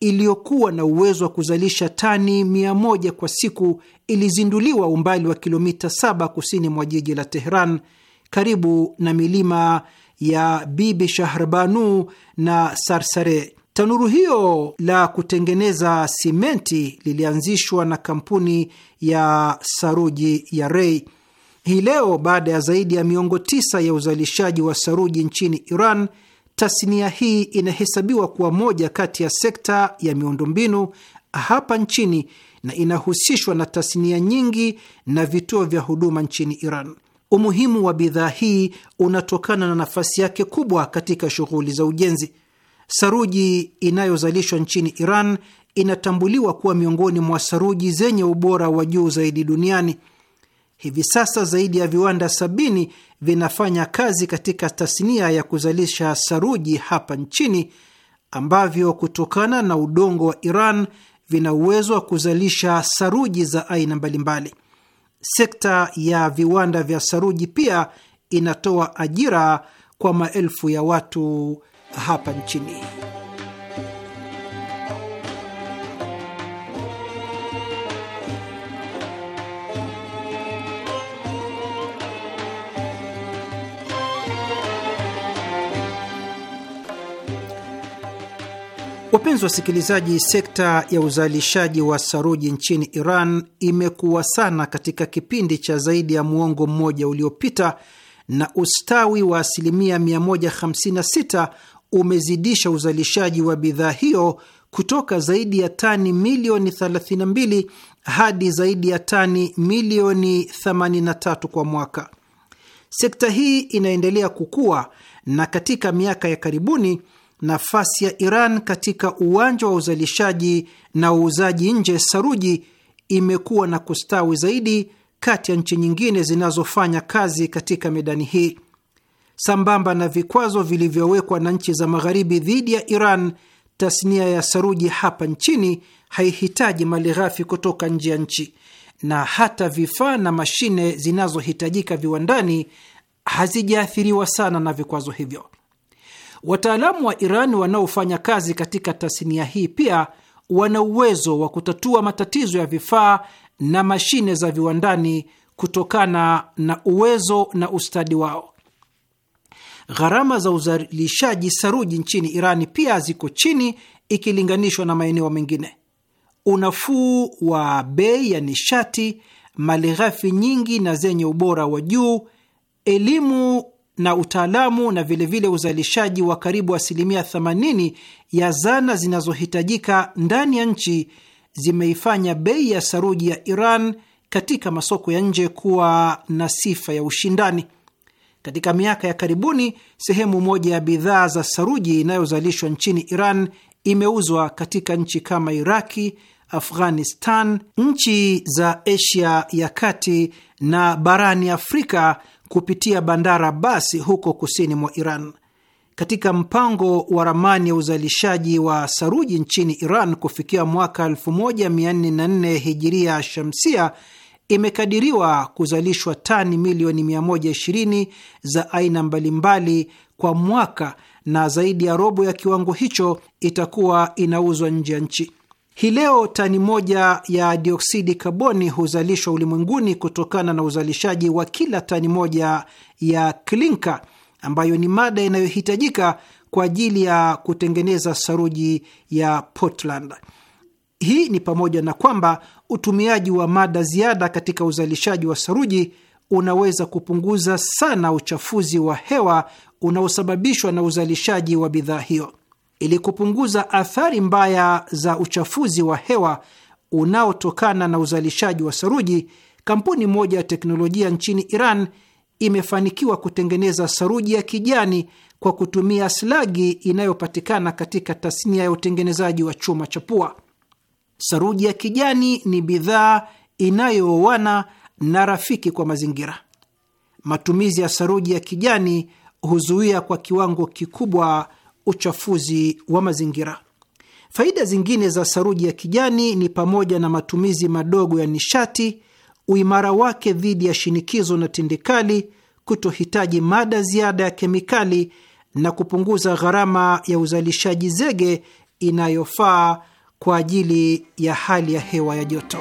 iliyokuwa na uwezo wa kuzalisha tani 1 kwa siku ilizinduliwa umbali wa kilomita 7 kusini mwa jiji la Teheran, karibu na milima ya Bibi Shahrbanu na Sarsare. Tanuru hiyo la kutengeneza simenti lilianzishwa na kampuni ya saruji ya Rei. Hii leo baada ya zaidi ya miongo tisa ya uzalishaji wa saruji nchini Iran, tasnia hii inahesabiwa kuwa moja kati ya sekta ya miundombinu hapa nchini na inahusishwa na tasnia nyingi na vituo vya huduma nchini Iran. Umuhimu wa bidhaa hii unatokana na nafasi yake kubwa katika shughuli za ujenzi. Saruji inayozalishwa nchini Iran inatambuliwa kuwa miongoni mwa saruji zenye ubora wa juu zaidi duniani. Hivi sasa zaidi ya viwanda sabini vinafanya kazi katika tasnia ya kuzalisha saruji hapa nchini ambavyo kutokana na udongo wa Iran vina uwezo wa kuzalisha saruji za aina mbalimbali. Sekta ya viwanda vya saruji pia inatoa ajira kwa maelfu ya watu hapa nchini. Wapenzi wasikilizaji, sekta ya uzalishaji wa saruji nchini Iran imekuwa sana katika kipindi cha zaidi ya muongo mmoja uliopita, na ustawi wa asilimia 156 umezidisha uzalishaji wa bidhaa hiyo kutoka zaidi ya tani milioni 32 hadi zaidi ya tani milioni 83 kwa mwaka. Sekta hii inaendelea kukua na katika miaka ya karibuni nafasi ya Iran katika uwanja wa uzalishaji na uuzaji nje saruji imekuwa na kustawi zaidi kati ya nchi nyingine zinazofanya kazi katika medani hii. Sambamba na vikwazo vilivyowekwa na nchi za Magharibi dhidi ya Iran, tasnia ya saruji hapa nchini haihitaji malighafi kutoka nje ya nchi, na hata vifaa na mashine zinazohitajika viwandani hazijaathiriwa sana na vikwazo hivyo. Wataalamu wa Iran wanaofanya kazi katika tasnia hii pia wana uwezo wa kutatua matatizo ya vifaa na mashine za viwandani kutokana na uwezo na ustadi wao. Gharama za uzalishaji saruji nchini Irani pia ziko chini ikilinganishwa na maeneo mengine. Unafuu wa bei ya nishati, malighafi nyingi na zenye ubora wa juu, elimu na utaalamu na vilevile vile uzalishaji wa karibu asilimia 80 ya zana zinazohitajika ndani ya nchi zimeifanya bei ya saruji ya Iran katika masoko ya nje kuwa na sifa ya ushindani. Katika miaka ya karibuni, sehemu moja ya bidhaa za saruji inayozalishwa nchini Iran imeuzwa katika nchi kama Iraki, Afghanistan, nchi za Asia ya kati na barani Afrika kupitia bandara basi huko kusini mwa Iran. Katika mpango wa ramani ya uzalishaji wa saruji nchini Iran kufikia mwaka 1404 hijiria shamsia, imekadiriwa kuzalishwa tani milioni 120 za aina mbalimbali kwa mwaka, na zaidi ya robo ya kiwango hicho itakuwa inauzwa nje ya nchi. Hii leo tani moja ya dioksidi kaboni huzalishwa ulimwenguni kutokana na uzalishaji wa kila tani moja ya klinka, ambayo ni mada inayohitajika kwa ajili ya kutengeneza saruji ya Portland. Hii ni pamoja na kwamba utumiaji wa mada ziada katika uzalishaji wa saruji unaweza kupunguza sana uchafuzi wa hewa unaosababishwa na uzalishaji wa bidhaa hiyo ili kupunguza athari mbaya za uchafuzi wa hewa unaotokana na uzalishaji wa saruji, kampuni moja ya teknolojia nchini Iran imefanikiwa kutengeneza saruji ya kijani kwa kutumia slagi inayopatikana katika tasnia ya utengenezaji wa chuma cha pua. Saruji ya kijani ni bidhaa inayooana na rafiki kwa mazingira. Matumizi ya saruji ya kijani huzuia kwa kiwango kikubwa uchafuzi wa mazingira. Faida zingine za saruji ya kijani ni pamoja na matumizi madogo ya nishati, uimara wake dhidi ya shinikizo na tindikali, kutohitaji mada ziada ya kemikali na kupunguza gharama ya uzalishaji zege inayofaa kwa ajili ya hali ya hewa ya joto.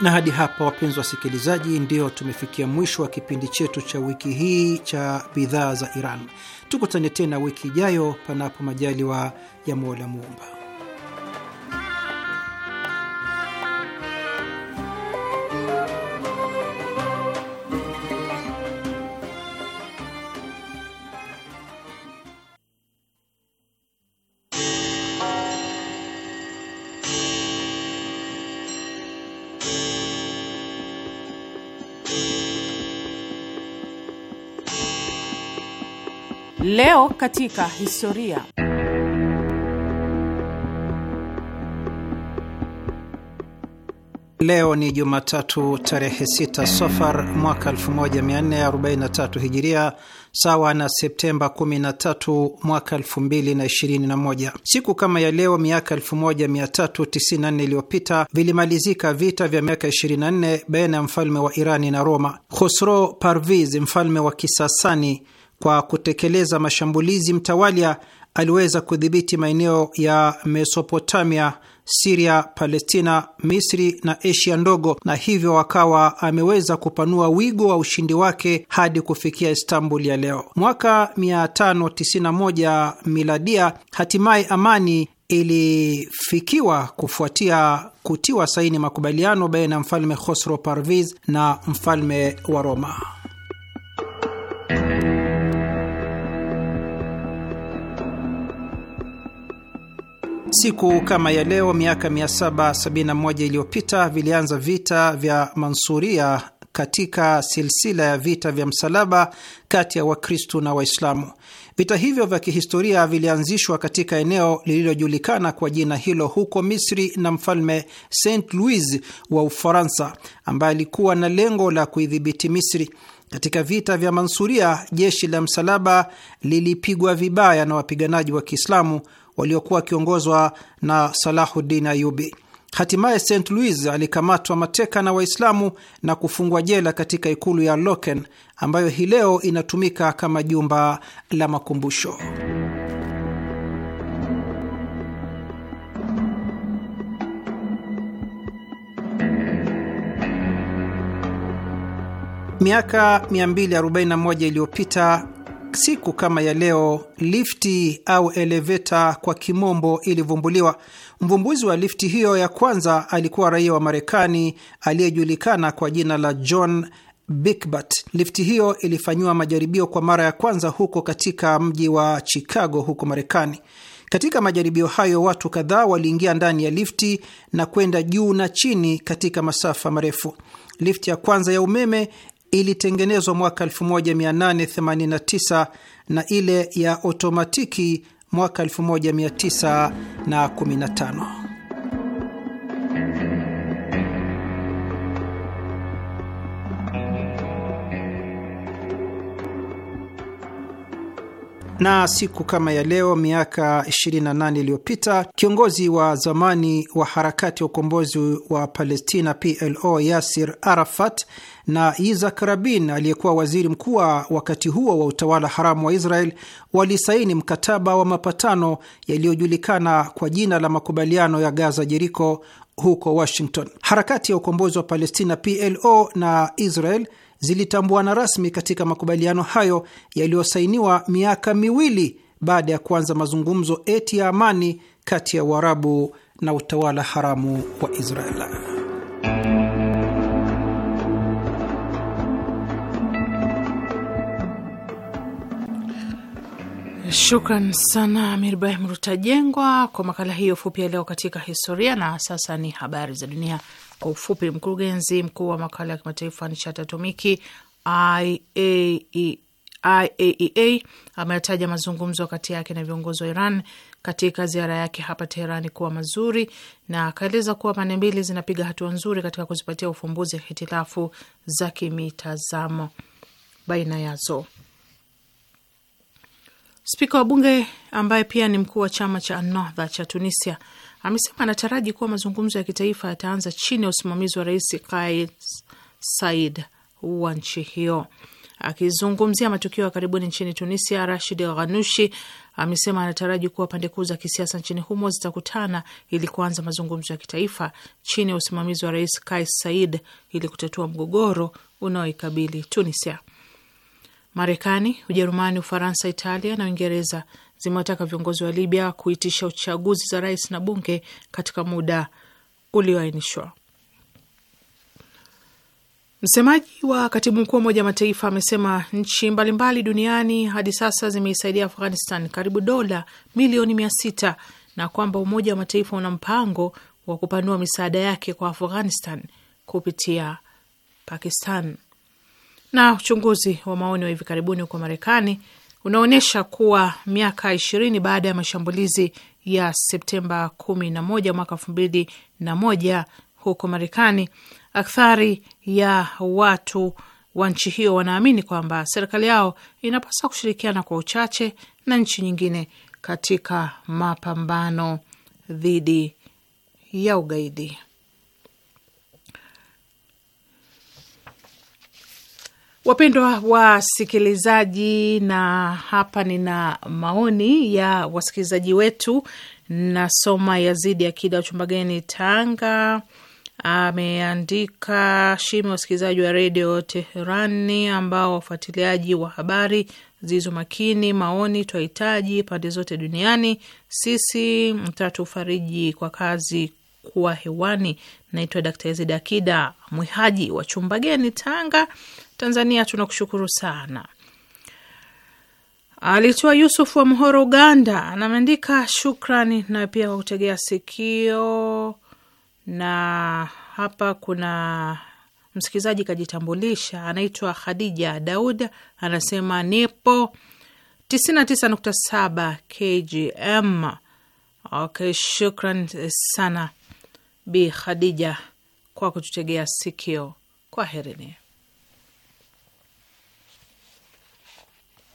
Na hadi hapa, wapenzi wasikilizaji, ndio tumefikia mwisho wa kipindi chetu cha wiki hii cha bidhaa za Iran. Tukutane tena wiki ijayo, panapo majaliwa ya Mola Muumba. Leo katika historia. Leo ni Jumatatu tarehe 6 Safar mwaka 1443 Hijiria, sawa na Septemba 13 mwaka 2021. Siku kama ya leo miaka 1394 iliyopita vilimalizika vita vya miaka 24 baina ya mfalme wa Irani na Roma. Khosro Parviz, mfalme wa Kisasani kwa kutekeleza mashambulizi mtawalia, aliweza kudhibiti maeneo ya Mesopotamia, Siria, Palestina, Misri na Asia ndogo, na hivyo akawa ameweza kupanua wigo wa ushindi wake hadi kufikia Istanbul ya leo. Mwaka 591 miladia, hatimaye amani ilifikiwa kufuatia kutiwa saini makubaliano baina ya mfalme Khosrow Parviz na mfalme wa Roma. Siku kama ya leo miaka 771 iliyopita vilianza vita vya Mansuria katika silsila ya vita vya msalaba kati ya Wakristu na Waislamu. Vita hivyo vya kihistoria vilianzishwa katika eneo lililojulikana kwa jina hilo huko Misri na mfalme St Louis wa Ufaransa, ambaye alikuwa na lengo la kuidhibiti Misri. Katika vita vya Mansuria, jeshi la msalaba lilipigwa vibaya na wapiganaji wa Kiislamu waliokuwa wakiongozwa na Salahuddin Ayubi. Hatimaye St Louis alikamatwa mateka na Waislamu na kufungwa jela katika ikulu ya Loken ambayo hii leo inatumika kama jumba la makumbusho. Miaka 241 iliyopita siku kama ya leo lifti au eleveta kwa kimombo ilivumbuliwa. Mvumbuzi wa lifti hiyo ya kwanza alikuwa raia wa Marekani aliyejulikana kwa jina la John Bikbat. Lifti hiyo ilifanyiwa majaribio kwa mara ya kwanza huko katika mji wa Chicago huko Marekani. Katika majaribio hayo, watu kadhaa waliingia ndani ya lifti na kwenda juu na chini katika masafa marefu. Lifti ya kwanza ya umeme ilitengenezwa mwaka 1889 na ile ya otomatiki mwaka 1915. na siku kama ya leo miaka 28 iliyopita kiongozi wa zamani wa harakati ya ukombozi wa Palestina PLO Yasir Arafat na Yitzhak Rabin aliyekuwa waziri mkuu wa wakati huo wa utawala haramu wa Israel walisaini mkataba wa mapatano yaliyojulikana kwa jina la makubaliano ya Gaza Jeriko huko Washington. Harakati ya ukombozi wa Palestina PLO na Israel zilitambuana rasmi katika makubaliano hayo yaliyosainiwa miaka miwili baada ya kuanza mazungumzo eti ya amani kati ya Uarabu na utawala haramu wa Israeli. Shukran sana Amir Ibrahim Rutajengwa kwa makala hiyo fupi ya leo katika historia. Na sasa ni habari za dunia kwa ufupi, mkurugenzi mkuu wa makala ya kimataifa nishati atomiki IAEA e ameyataja mazungumzo kati yake na viongozi wa Iran katika ziara yake hapa Teherani kuwa mazuri na akaeleza kuwa pande mbili zinapiga hatua nzuri katika kuzipatia ufumbuzi hitilafu za kimitazamo baina yazo. Spika wa bunge ambaye pia ni mkuu wa chama cha Ennahda cha Tunisia amesema anataraji kuwa mazungumzo ya kitaifa yataanza chini ya usimamizi wa Rais Kais Said wa nchi hiyo. Akizungumzia matukio ya karibuni nchini Tunisia, Rashid Ghanushi amesema anataraji kuwa pande kuu za kisiasa nchini humo zitakutana ili kuanza mazungumzo ya kitaifa chini ya usimamizi wa Rais Kais Said ili kutatua mgogoro unaoikabili Tunisia. Marekani, Ujerumani, Ufaransa, Italia na Uingereza zimewataka viongozi wa Libya kuitisha uchaguzi za rais na bunge katika muda ulioainishwa. Msemaji wa katibu mkuu wa Umoja wa Mataifa amesema nchi mbalimbali duniani hadi sasa zimeisaidia Afghanistan karibu dola milioni mia sita na kwamba Umoja wa Mataifa una mpango wa kupanua misaada yake kwa Afghanistan kupitia Pakistan. Na uchunguzi wa maoni wa hivi karibuni huko Marekani unaonyesha kuwa miaka ishirini baada ya mashambulizi ya Septemba kumi na moja mwaka elfu mbili na moja huko Marekani, akthari ya watu wa nchi hiyo wanaamini kwamba serikali yao inapaswa kushirikiana kwa uchache na nchi nyingine katika mapambano dhidi ya ugaidi. Wapendwa wasikilizaji, na hapa nina maoni ya wasikilizaji wetu. Nasoma Yazidi Akida wa Tanga. Ameandika shime wasikilizaji wa redio Teherani ambao wafuatiliaji wa habari zilizo makini. Maoni twahitaji pande zote duniani, sisi mtatu ufariji kwa kazi kuwa hewani. Naitwa Dkt Yazidi Akida Mwihaji wa Chumbageni, Tanga. Tanzania tunakushukuru sana. Alitoa yusuf wa Mhoro, Uganda, anameandika shukrani na pia kwa kutegea sikio. Na hapa kuna msikilizaji kajitambulisha, anaitwa Khadija Daud, anasema nipo 99.7 KGM. Okay, shukran sana Bi Khadija kwa kututegea sikio. kwa herini.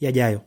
yajayo.